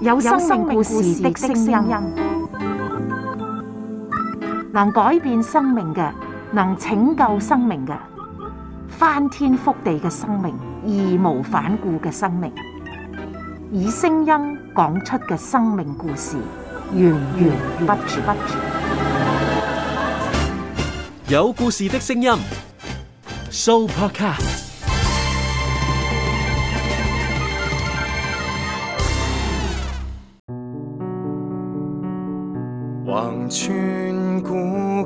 有生命故事的聲音，能改變生命嘅，能拯救生命嘅，翻天覆地嘅生命，義無反顧嘅生命，以聲音講出嘅生命故事，源源不絕。有故事的聲音，Sooopodcast。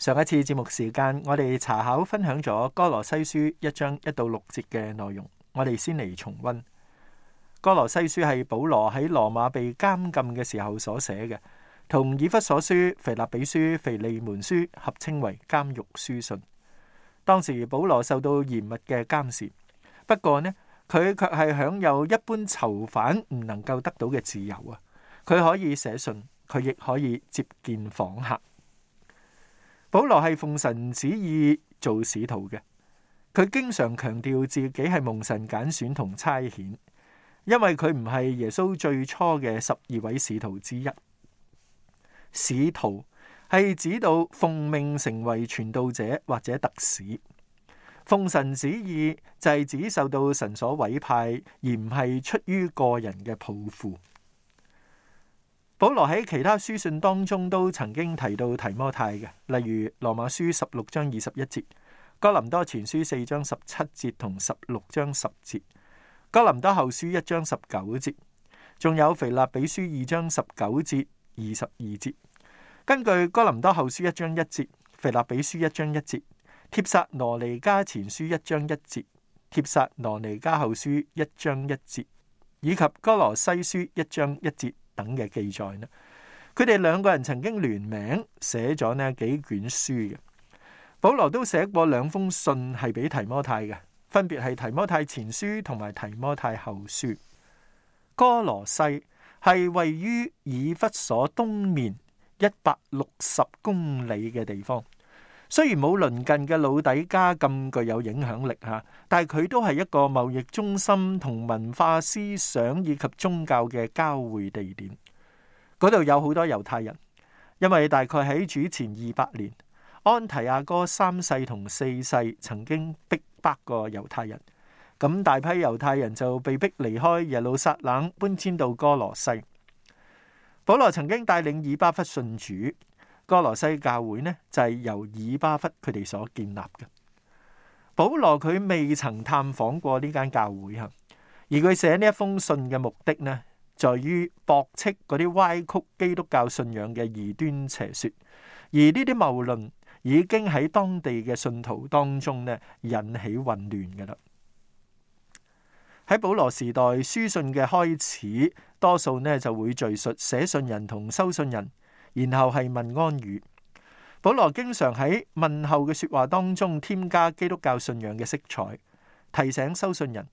上一次節目時間，我哋查考分享咗《哥羅西書》一章一到六節嘅內容，我哋先嚟重溫。《哥羅西書》係保羅喺羅馬被監禁嘅時候所寫嘅，同《以弗所書》、《腓立比書》、《腓利門書》合稱為監獄書信。當時保羅受到嚴密嘅監視，不過呢，佢卻係享有一般囚犯唔能夠得到嘅自由啊！佢可以寫信，佢亦可以接見訪客。保羅係奉神旨意做使徒嘅。佢經常強調自己係蒙神揀選同差遣，因為佢唔係耶穌最初嘅十二位使徒之一。使徒係指到奉命成為傳道者或者特使，奉神旨意就係指受到神所委派，而唔係出於個人嘅抱負。保羅喺其他書信當中都曾經提到提摩太嘅，例如《羅馬書》十六章二十一節，《哥林多前書》四章十七節同十六章十節，《哥林多後書》一章十九節，仲有《腓立比書》二章十九節、二十二節。根據《哥林多後書》一章一節，《腓立比書》一章一節，《帖撒羅尼加前書》一章一節，《帖撒羅尼加後書》一章一節，以及《歌羅西書》一章一節。等嘅記載呢，佢哋兩個人曾經聯名寫咗呢幾卷書嘅。保羅都寫過兩封信係俾提摩太嘅，分別係提摩太前書同埋提摩太後書。哥羅西係位於以弗所東面一百六十公里嘅地方。雖然冇鄰近嘅老底嘉咁具有影響力嚇，但係佢都係一個貿易中心，同文化思想以及宗教嘅交匯地點。嗰度有好多猶太人，因為大概喺主前二百年，安提阿哥三世同四世曾經逼迫過猶太人，咁大批猶太人就被逼離開耶路撒冷，搬遷到哥羅西。保羅曾經帶領以巴弗信主。歌羅西教會呢，就係、是、由以巴弗佢哋所建立嘅。保羅佢未曾探訪過呢間教會吓，而佢寫呢一封信嘅目的呢，在、就是、於駁斥嗰啲歪曲基督教信仰嘅異端邪說，而呢啲謬論已經喺當地嘅信徒當中呢引起混亂嘅啦。喺保羅時代，書信嘅開始，多數呢就會敘述寫信人同收信人。然後係問安語。保羅經常喺問候嘅說話當中添加基督教信仰嘅色彩，提醒收信人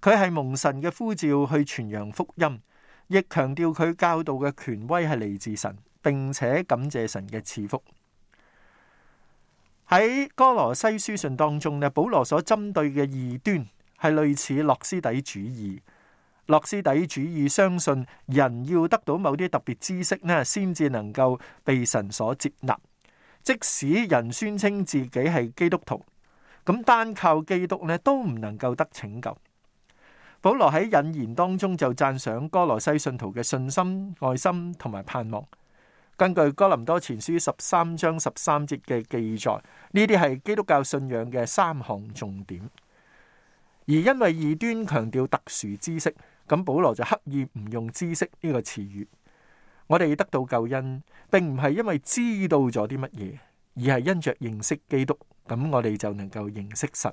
佢係蒙神嘅呼召去傳揚福音，亦強調佢教導嘅權威係嚟自神，並且感謝神嘅賜福。喺哥羅西書信當中咧，保羅所針對嘅異端係類似諾斯底主義。諾斯底主義相信人要得到某啲特別知識咧，先至能夠被神所接納。即使人宣稱自己係基督徒，咁單靠基督咧都唔能夠得拯救。保羅喺引言當中就讚賞歌羅西信徒嘅信心、愛心同埋盼望。根據哥林多前書十三章十三節嘅記載，呢啲係基督教信仰嘅三項重點。而因為異端強調特殊知識。咁保羅就刻意唔用知識呢個詞語。我哋得到救恩，並唔係因為知道咗啲乜嘢，而係因着認識基督。咁我哋就能夠認識神。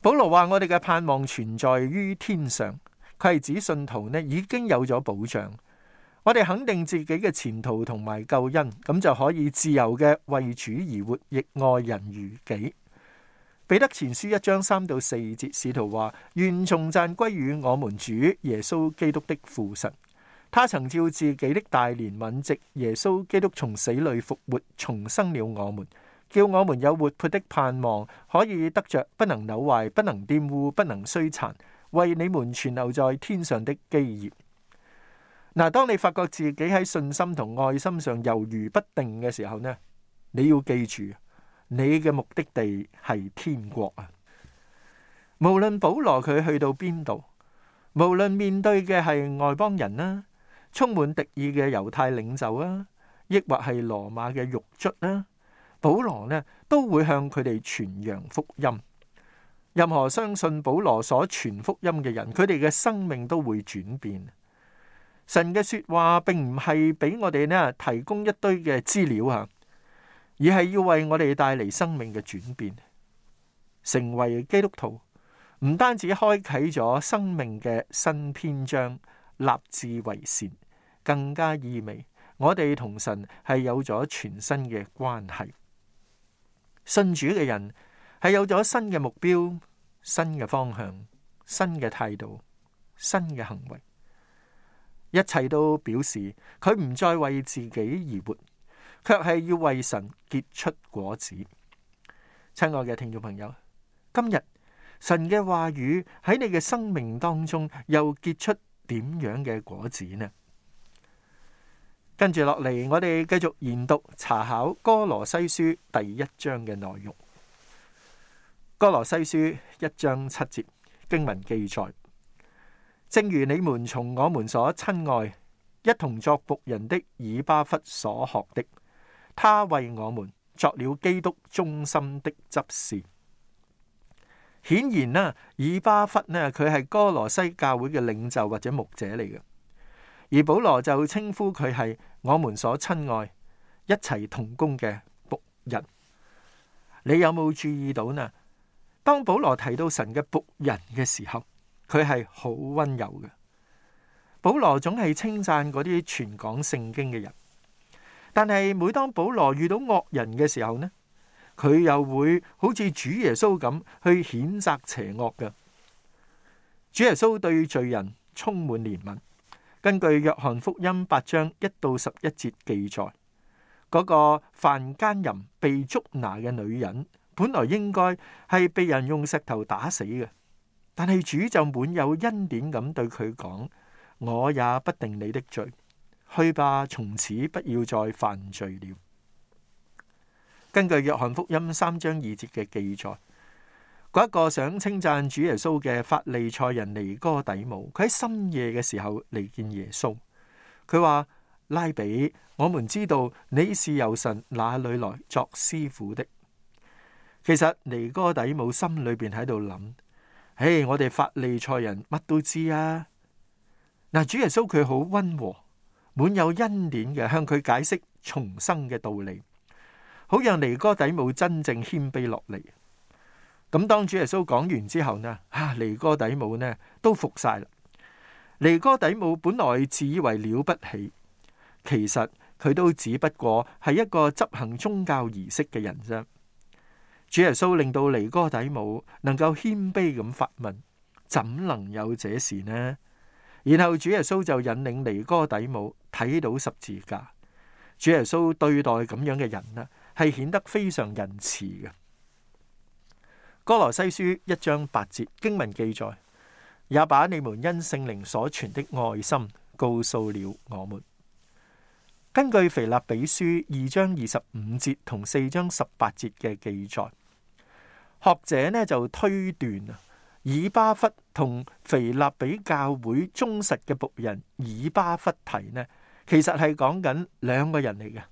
保羅話：我哋嘅盼望存在於天上。佢係指信徒呢已經有咗保障。我哋肯定自己嘅前途同埋救恩，咁就可以自由嘅為主而活，亦愛人如己。彼得前書一章三到四節，使徒話：願頌讚歸於我們主耶穌基督的父神，他曾照自己的大憐憫，藉耶穌基督從死裏復活，重生了我們，叫我們有活潑的盼望，可以得着不能扭壞、不能玷污、不能衰殘，為你們存留在天上的基業。嗱，當你發覺自己喺信心同愛心上猶豫不定嘅時候呢，你要記住。你嘅目的地係天國啊！無論保羅佢去到邊度，無論面對嘅係外邦人啦，充滿敵意嘅猶太領袖啊，抑或係羅馬嘅獄卒啦，保羅呢都會向佢哋傳揚福音。任何相信保羅所傳福音嘅人，佢哋嘅生命都會轉變。神嘅說話並唔係俾我哋呢提供一堆嘅資料啊！而係要為我哋帶嚟生命嘅轉變，成為基督徒，唔單止開啟咗生命嘅新篇章，立志為善，更加意味我哋同神係有咗全新嘅關係。信主嘅人係有咗新嘅目標、新嘅方向、新嘅態度、新嘅行為，一切都表示佢唔再為自己而活。卻係要為神結出果子，親愛嘅聽眾朋友，今日神嘅話語喺你嘅生命當中又結出點樣嘅果子呢？跟住落嚟，我哋繼續研讀查考歌羅西書第一章嘅內容。歌羅西書一章七節經文記載：「正如你們從我們所親愛、一同作僕人的以巴弗所學的。」他為我們作了基督忠心的執事，顯然啦，以巴弗呢，佢係哥羅西教會嘅領袖或者牧者嚟嘅，而保羅就稱呼佢係我們所親愛、一齊同工嘅僕人。你有冇注意到呢？當保羅提到神嘅僕人嘅時候，佢係好溫柔嘅。保羅總係稱讚嗰啲傳講聖經嘅人。但係每當保羅遇到惡人嘅時候呢，佢又會好似主耶穌咁去譴責邪惡嘅。主耶穌對罪人充滿憐憫。根據約翰福音八章一到十一節記載，嗰、那個犯姦淫被捉拿嘅女人，本來應該係被人用石頭打死嘅，但係主就滿有恩典咁對佢講：我也不定你的罪。去吧，從此不要再犯罪了。根據約翰福音三章二節嘅記載，嗰一個想稱讚主耶穌嘅法利賽人尼哥底母，佢喺深夜嘅時候嚟見耶穌。佢話，拉比，我們知道你是由神那裏來作師傅的。其實尼哥底母心裏邊喺度諗：唉，我哋法利賽人乜都知啊。嗱，主耶穌佢好温和。滿有恩典嘅向佢解釋重生嘅道理，好讓尼哥底母真正謙卑落嚟。咁當主耶穌講完之後呢，啊尼哥底母呢都服晒啦。尼哥底母本來自以為了不起，其實佢都只不過係一個執行宗教儀式嘅人啫。主耶穌令到尼哥底母能夠謙卑咁發問：怎能有這事呢？然後主耶穌就引領尼哥底母睇到十字架。主耶穌對待咁樣嘅人呢，係顯得非常仁慈嘅。哥羅西書一章八節經文記載，也把你們因聖靈所傳的愛心告訴了我們。根據腓立比書二章二十五節同四章十八節嘅記載，學者呢就推斷以巴弗同腓立比教會忠實嘅僕人以巴弗提呢，其實係講緊兩個人嚟嘅。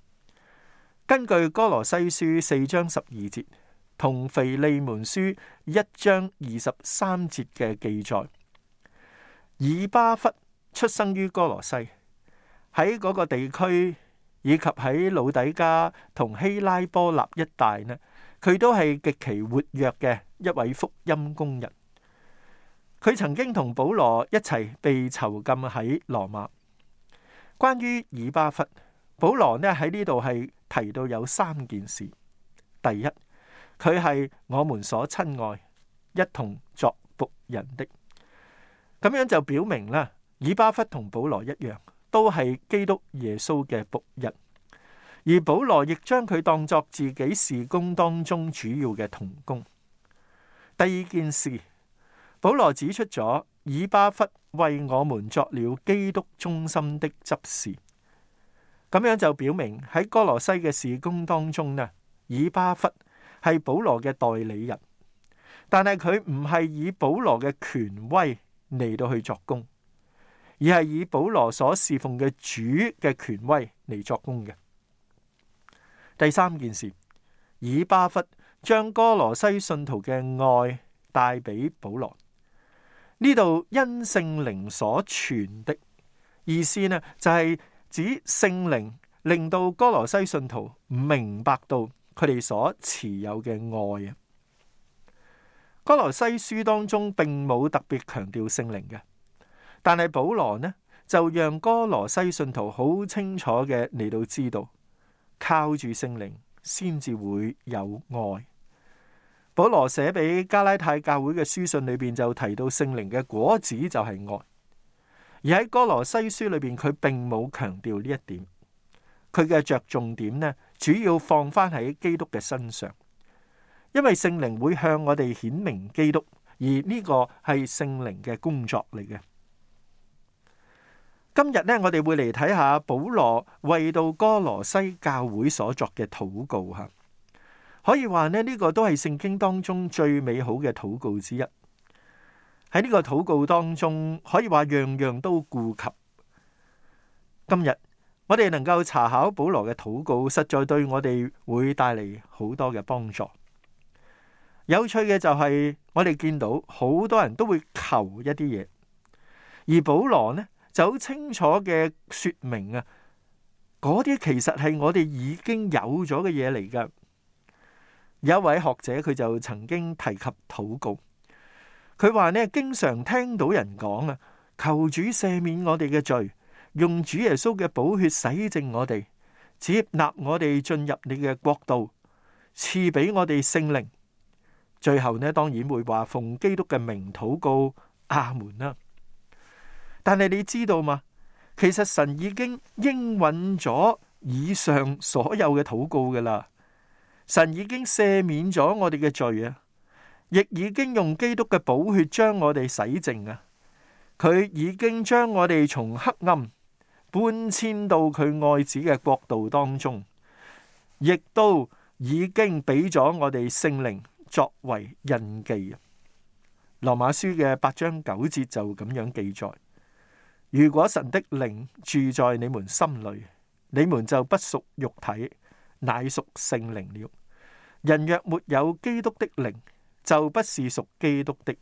根據《哥羅西書》四章十二節，同《腓利門書》一章二十三節嘅記載，以巴弗出生於哥羅西喺嗰個地區，以及喺老底加同希拉波立一帶呢，佢都係極其活躍嘅一位福音工人。佢曾經同保羅一齊被囚禁喺羅馬。關於以巴弗，保羅呢喺呢度係提到有三件事。第一，佢係我們所親愛、一同作僕人的，咁樣就表明啦，以巴弗同保羅一樣，都係基督耶穌嘅僕人。而保羅亦將佢當作自己事工當中主要嘅同工。第二件事。保羅指出咗，以巴弗為我們作了基督忠心的執事，咁樣就表明喺哥羅西嘅事工當中呢，以巴弗係保羅嘅代理人，但係佢唔係以保羅嘅權威嚟到去作工，而係以保羅所侍奉嘅主嘅權威嚟作工嘅。第三件事，以巴弗將哥羅西信徒嘅愛帶俾保羅。呢度因聖靈所傳的意思呢，就係指聖靈令到歌羅西信徒明白到佢哋所持有嘅愛啊。歌羅西書當中並冇特別強調聖靈嘅，但係保羅呢就讓歌羅西信徒好清楚嘅嚟到知道，靠住聖靈先至會有愛。保羅寫俾加拉太教會嘅書信裏邊就提到聖靈嘅果子就係愛，而喺歌羅西書裏邊佢並冇強調呢一點，佢嘅着重點呢主要放翻喺基督嘅身上，因為聖靈會向我哋顯明基督，而呢個係聖靈嘅工作嚟嘅。今日呢我哋會嚟睇下保羅為到歌羅西教會所作嘅禱告吓。可以話呢，呢個都係聖經當中最美好嘅禱告之一。喺呢個禱告當中，可以話樣樣都顧及。今日我哋能夠查考保羅嘅禱告，實在對我哋會帶嚟好多嘅幫助。有趣嘅就係我哋見到好多人都會求一啲嘢，而保羅呢就好清楚嘅說明啊，嗰啲其實係我哋已經有咗嘅嘢嚟㗎。有一位學者佢就曾經提及禱告，佢話呢，經常聽到人講啊，求主赦免我哋嘅罪，用主耶穌嘅寶血洗淨我哋，接納我哋進入你嘅國度，賜俾我哋聖靈。最後呢，當然會話奉基督嘅名禱告，阿門啦。但係你知道嘛？其實神已經應允咗以上所有嘅禱告噶啦。神已經赦免咗我哋嘅罪啊，亦已經用基督嘅寶血將我哋洗淨啊！佢已經將我哋從黑暗搬遷到佢愛子嘅國度當中，亦都已經俾咗我哋聖靈作為印記啊！羅馬書嘅八章九節就咁樣記載：如果神的靈住在你們心裏，你們就不屬肉體。乃屬聖靈了。人若沒有基督的靈，就不是屬基督的。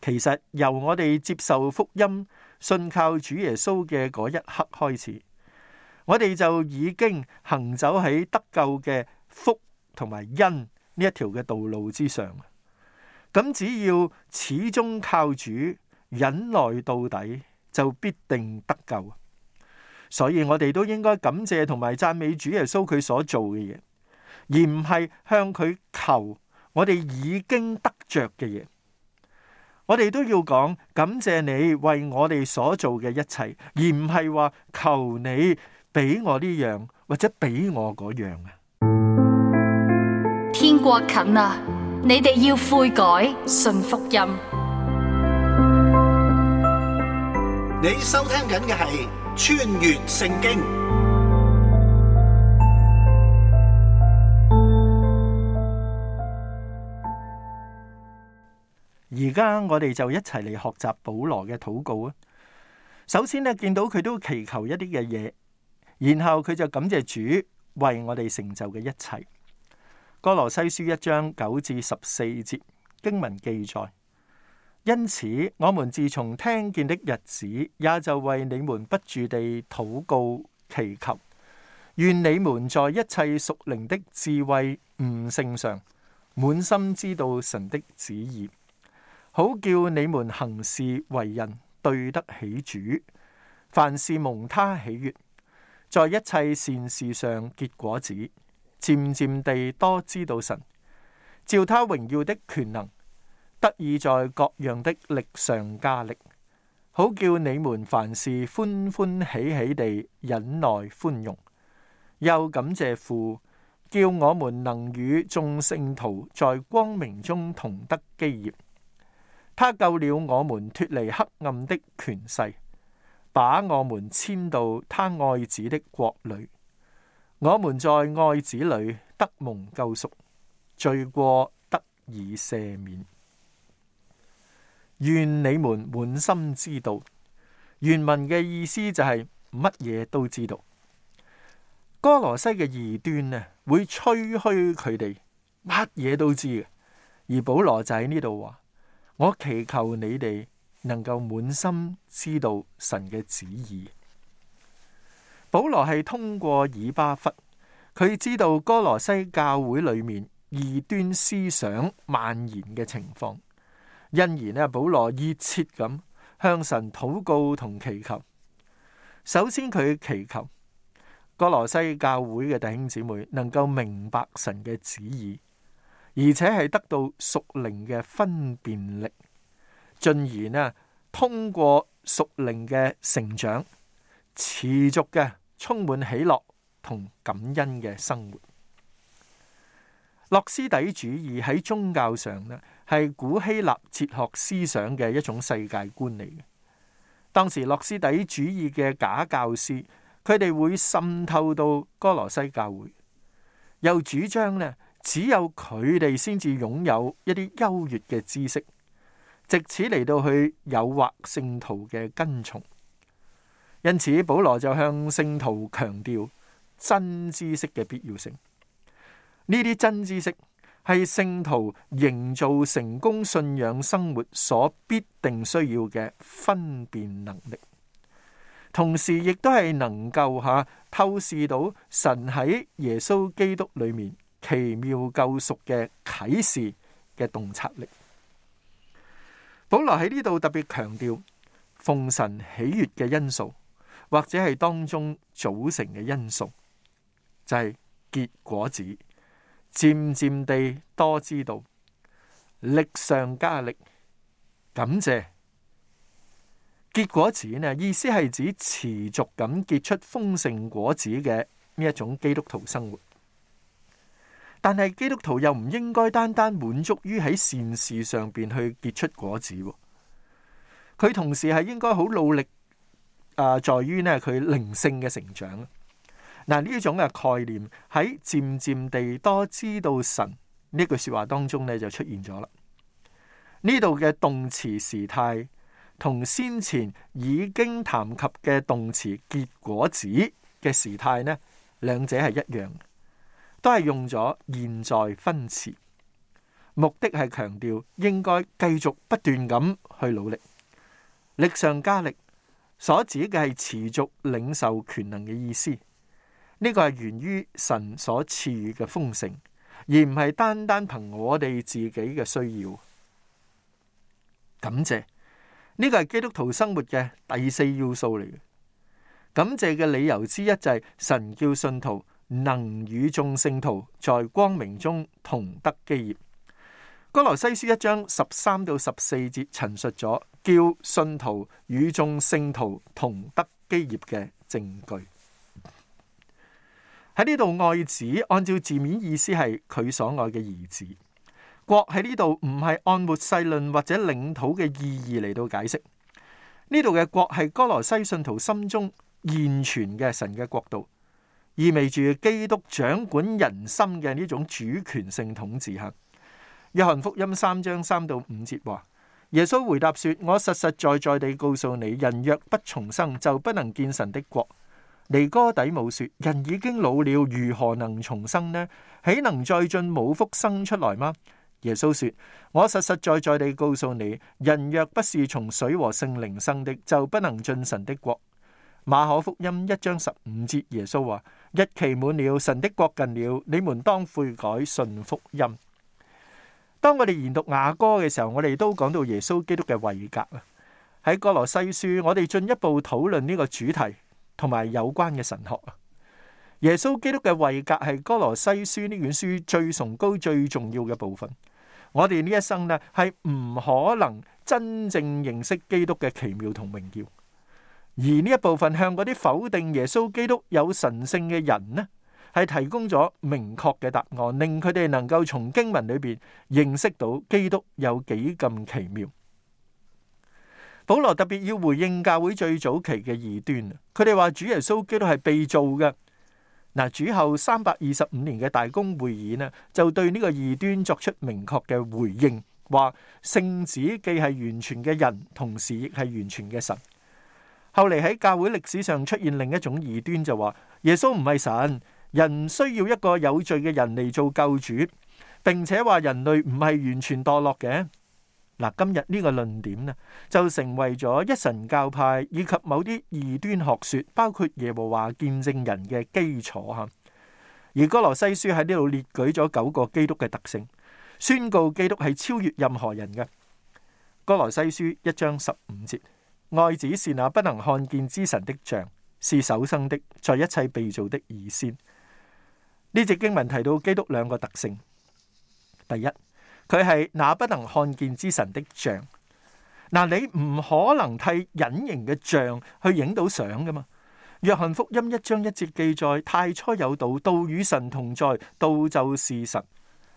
其實，由我哋接受福音、信靠主耶穌嘅嗰一刻開始，我哋就已經行走喺得救嘅福同埋恩呢一條嘅道路之上。咁只要始終靠主，忍耐到底，就必定得救。所以我哋都應該感謝同埋讚美主耶穌佢所做嘅嘢，而唔係向佢求我哋已經得着嘅嘢。我哋都要講，感謝你為我哋所做嘅一切，而唔係話求你俾我呢樣或者俾我嗰樣啊。天國近啊，你哋要悔改，信福音。你收聽緊嘅係。穿越聖經，而家我哋就一齊嚟學習保羅嘅禱告啊！首先呢，見到佢都祈求一啲嘅嘢，然後佢就感謝主為我哋成就嘅一切。歌羅西書一章九至十四節經文記載。因此，我們自從聽見的日子，也就為你們不住地禱告祈求，願你們在一切屬靈的智慧悟性上，滿心知道神的旨意，好叫你們行事為人對得起主，凡事蒙他喜悅，在一切善事上結果子，漸漸地多知道神，照他榮耀的權能。得以在各樣的力上加力，好叫你們凡事歡歡喜喜地忍耐寬容。又感謝父，叫我們能與眾聖徒在光明中同得基業。他救了我們脱離黑暗的權勢，把我們遷到他愛子的國裏。我們在愛子裏得蒙救贖，罪過得以赦免。願你們滿心知道，原文嘅意思就係乜嘢都知道。哥羅西嘅異端呢，會吹噓佢哋乜嘢都知嘅，而保羅就喺呢度話：我祈求你哋能夠滿心知道神嘅旨意。保羅係通過以巴弗，佢知道哥羅西教會裏面異端思想蔓延嘅情況。因而呢保羅熱切咁向神禱告同祈求。首先佢祈求歌羅西教會嘅弟兄姊妹能夠明白神嘅旨意，而且係得到屬靈嘅分辨力，進而呢，通過屬靈嘅成長，持續嘅充滿喜樂同感恩嘅生活。諾斯底主義喺宗教上呢，係古希臘哲學思想嘅一種世界觀嚟嘅。當時諾斯底主義嘅假教師，佢哋會滲透到哥羅西教會，又主張呢，只有佢哋先至擁有一啲優越嘅知識，藉此嚟到去誘惑聖徒嘅跟從。因此保羅就向聖徒強調真知識嘅必要性。呢啲真知識。係聖徒營造成功信仰生活所必定需要嘅分辨能力，同時亦都係能夠吓透視到神喺耶穌基督裏面奇妙救贖嘅啟示嘅洞察力。保羅喺呢度特別強調奉神喜悅嘅因素，或者係當中組成嘅因素，就係結果子。漸漸地多知道，力上加力，感謝。結果子呢，意思係指持續咁結出豐盛果子嘅呢一種基督徒生活。但係基督徒又唔應該單單滿足於喺善事上面去結出果子，佢同時係應該好努力啊，在於呢，佢靈性嘅成長。嗱，呢種嘅概念喺漸漸地多知道神呢句説話當中咧，就出現咗啦。呢度嘅動詞時態同先前已經談及嘅動詞結果指嘅時態呢兩者係一樣，都係用咗現在分詞，目的係強調應該繼續不斷咁去努力，力上加力，所指嘅係持續領受權能嘅意思。呢個係源於神所賜予嘅豐盛，而唔係單單憑我哋自己嘅需要。感謝，呢、這個係基督徒生活嘅第四要素嚟嘅。感謝嘅理由之一就係神叫信徒能與眾聖徒在光明中同得基業。歌羅西書一章十三到十四節陳述咗，叫信徒與眾聖徒同得基業嘅證據。喺呢度愛子，按照字面意思係佢所愛嘅兒子。國喺呢度唔係按末世論或者領土嘅意義嚟到解釋。呢度嘅國係哥羅西信徒心中現存嘅神嘅國度，意味住基督掌管人心嘅呢種主權性統治。哈，約翰福音三章三到五節話，耶穌回答說：我實實在在地告訴你，人若不重生，就不能見神的國。尼哥底母說：人已經老了，如何能重生呢？豈能再進母腹生出來嗎？耶穌說：我實實在在地告訴你，人若不是從水和聖靈生的，就不能進神的國。馬可福音一章十五節，耶穌話：日期滿了，神的國近了，你們當悔改，信福音。當我哋研讀雅歌嘅時候，我哋都講到耶穌基督嘅位格。喺哥羅西書，我哋進一步討論呢個主題。同埋有關嘅神學，耶穌基督嘅位格係哥羅西書呢本書最崇高、最重要嘅部分。我哋呢一生呢係唔可能真正認識基督嘅奇妙同榮耀，而呢一部分向嗰啲否定耶穌基督有神聖嘅人呢，係提供咗明確嘅答案，令佢哋能夠從經文裏邊認識到基督有幾咁奇妙。保羅特別要回應教會最早期嘅異端，佢哋話主耶穌基督係被造嘅。嗱，主後三百二十五年嘅大公會議呢，就對呢個異端作出明確嘅回應，話聖子既係完全嘅人，同時亦係完全嘅神。後嚟喺教會歷史上出現另一種異端就，就話耶穌唔係神，人需要一個有罪嘅人嚟做救主，並且話人類唔係完全墮落嘅。嗱，今日呢個論點呢，就成為咗一神教派以及某啲異端學説，包括耶和華見證人嘅基礎嚇。而歌羅西書喺呢度列舉咗九個基督嘅特性，宣告基督係超越任何人嘅。歌羅西書一章十五節，愛子是那不能看見之神的像，是首生的，在一切被造的以先。呢隻經文提到基督兩個特性，第一。佢係那不能看見之神的像，嗱，你唔可能替隱形嘅像去影到相㗎嘛？約翰福音一章一節記載：太初有道，道與神同在，道就是神。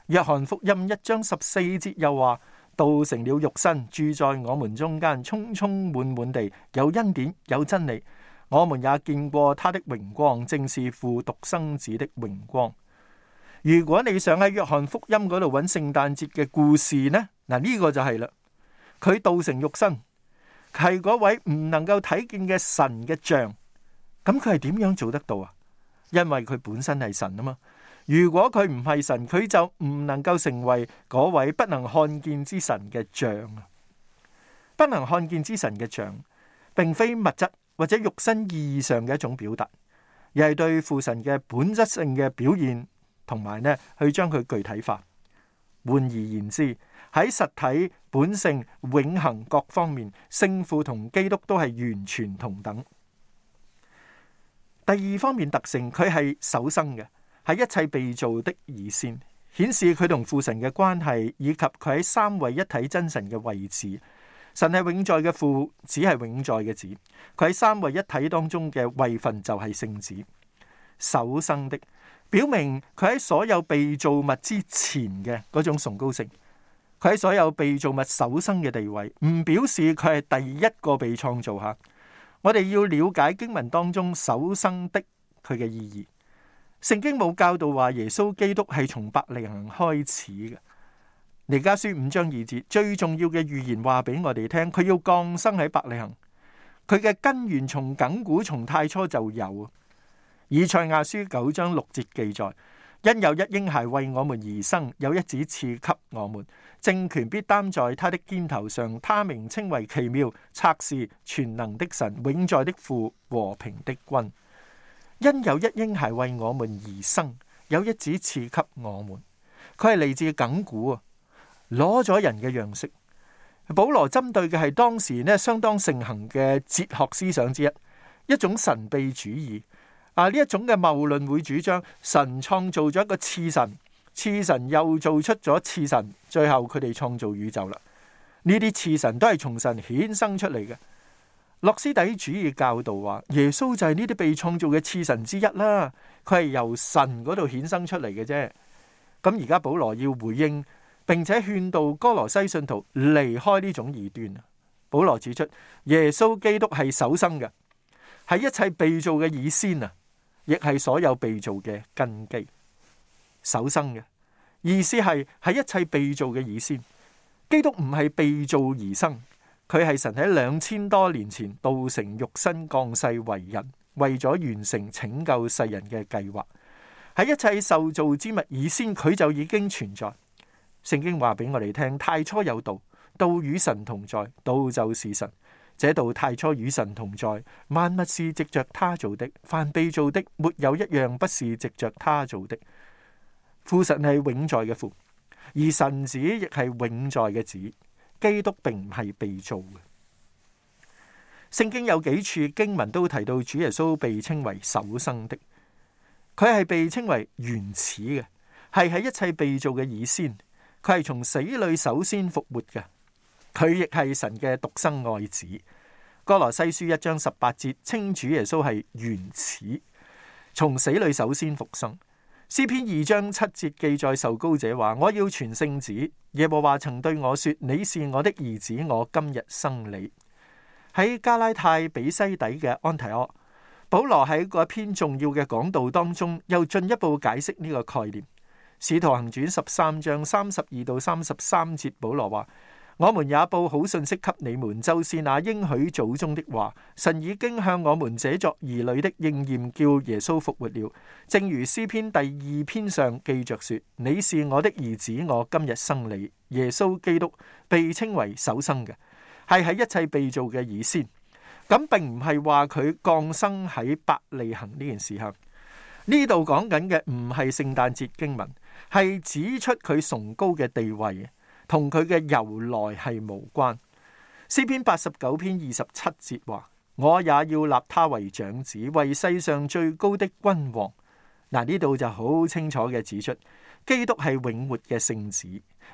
約翰福音一章十四節又話：道成了肉身，住在我們中間，充充滿滿地有恩典有真理。我們也見過他的榮光，正是父獨生子的榮光。如果你想喺約翰福音嗰度揾聖誕節嘅故事呢？嗱，呢個就係啦。佢道成肉身係嗰位唔能夠睇見嘅神嘅像，咁佢係點樣做得到啊？因為佢本身係神啊嘛。如果佢唔係神，佢就唔能夠成為嗰位不能看見之神嘅像啊。不能看見之神嘅像，並非物質或者肉身意義上嘅一種表達，而係對父神嘅本質性嘅表現。同埋呢，去將佢具體化。換而言之，喺實體本性、永恆各方面，聖父同基督都係完全同等。第二方面特性，佢係首生嘅，係一切被造的以先，顯示佢同父神嘅關係，以及佢喺三位一體真神嘅位置。神係永在嘅父，子係永在嘅子，佢喺三位一體當中嘅位份就係聖子，首生的。表明佢喺所有被造物之前嘅嗰種崇高性，佢喺所有被造物首生嘅地位，唔表示佢係第一個被創造吓。我哋要了解經文當中首生的佢嘅意義。聖經冇教導話耶穌基督係從伯利恆開始嘅。彌迦書五章二節最重要嘅預言話俾我哋聽，佢要降生喺伯利恆，佢嘅根源從亙古從太初就有。以賽亞書九章六節記載：因有一嬰孩為我們而生，有一子賜給我們，政權必擔在他的肩頭上。他名稱為奇妙、策士、全能的神、永在的父、和平的君。因有一嬰孩為我們而生，有一子賜給我們，佢係嚟自亙古啊，攞咗人嘅樣式。保羅針對嘅係當時呢相當盛行嘅哲學思想之一，一種神秘主義。啊！呢一種嘅謬論會主張神創造咗一個次神，次神又做出咗次神，最後佢哋創造宇宙啦。呢啲次神都係從神衍生出嚟嘅。諾斯底主義教導話，耶穌就係呢啲被創造嘅次神之一啦。佢係由神嗰度衍生出嚟嘅啫。咁而家保羅要回應，並且勸導哥羅西信徒離開呢種異端。保羅指出，耶穌基督係首生嘅，係一切被造嘅以先啊！亦係所有被造嘅根基、首生嘅意思係喺一切被造嘅以先。基督唔係被造而生，佢係神喺兩千多年前道成肉身降世為人，為咗完成拯救世人嘅計劃。喺一切受造之物以先，佢就已經存在。聖經話俾我哋聽：太初有道，道與神同在，道就是神。這道太初與神同在，萬物是藉着他做的，凡被造的，沒有一樣不是藉着他做的。父神係永在嘅父，而神子亦係永在嘅子。基督並唔係被造嘅。聖經有幾處經文都提到主耶穌被稱為首生的，佢係被稱為原始嘅，係喺一切被造嘅以先，佢係從死裏首先復活嘅。佢亦係神嘅獨生愛子。哥羅西書一章十八節，稱主耶穌係原始，從死裏首先復生。詩篇二章七節記載受膏者話：我要傳聖旨。耶和華曾對我說：你是我的兒子，我今日生你。喺加拉太彼西底嘅安提阿，保羅喺個篇重要嘅講道當中，又進一步解釋呢個概念。使徒行傳十三章三十二到三十三節，保羅話。我們也報好信息給你們，就是那應許祖宗的話。神已經向我們這作兒女的應驗，叫耶穌復活了。正如詩篇第二篇上記着說：你是我的兒子，我今日生你。耶穌基督被稱為首生嘅，係喺一切被造嘅以先。咁並唔係話佢降生喺伯利恆呢件事刻。呢度講緊嘅唔係聖誕節經文，係指出佢崇高嘅地位。同佢嘅由來係無關。詩篇八十九篇二十七節話：「我也要立他為長子，為世上最高的君王。」嗱，呢度就好清楚嘅指出，基督係永活嘅聖子，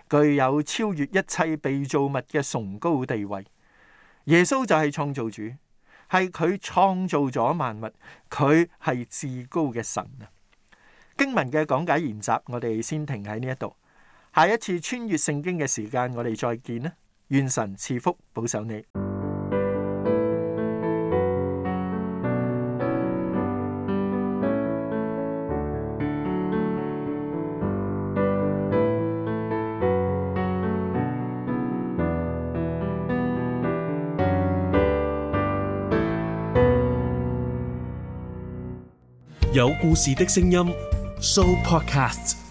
具有超越一切被造物嘅崇高地位。耶穌就係創造主，係佢創造咗萬物，佢係至高嘅神啊！經文嘅講解研習，我哋先停喺呢一度。下一次穿越聖經嘅時間，我哋再見啦！願神賜福保守你。有故事嘅聲音，Sooo Podcast。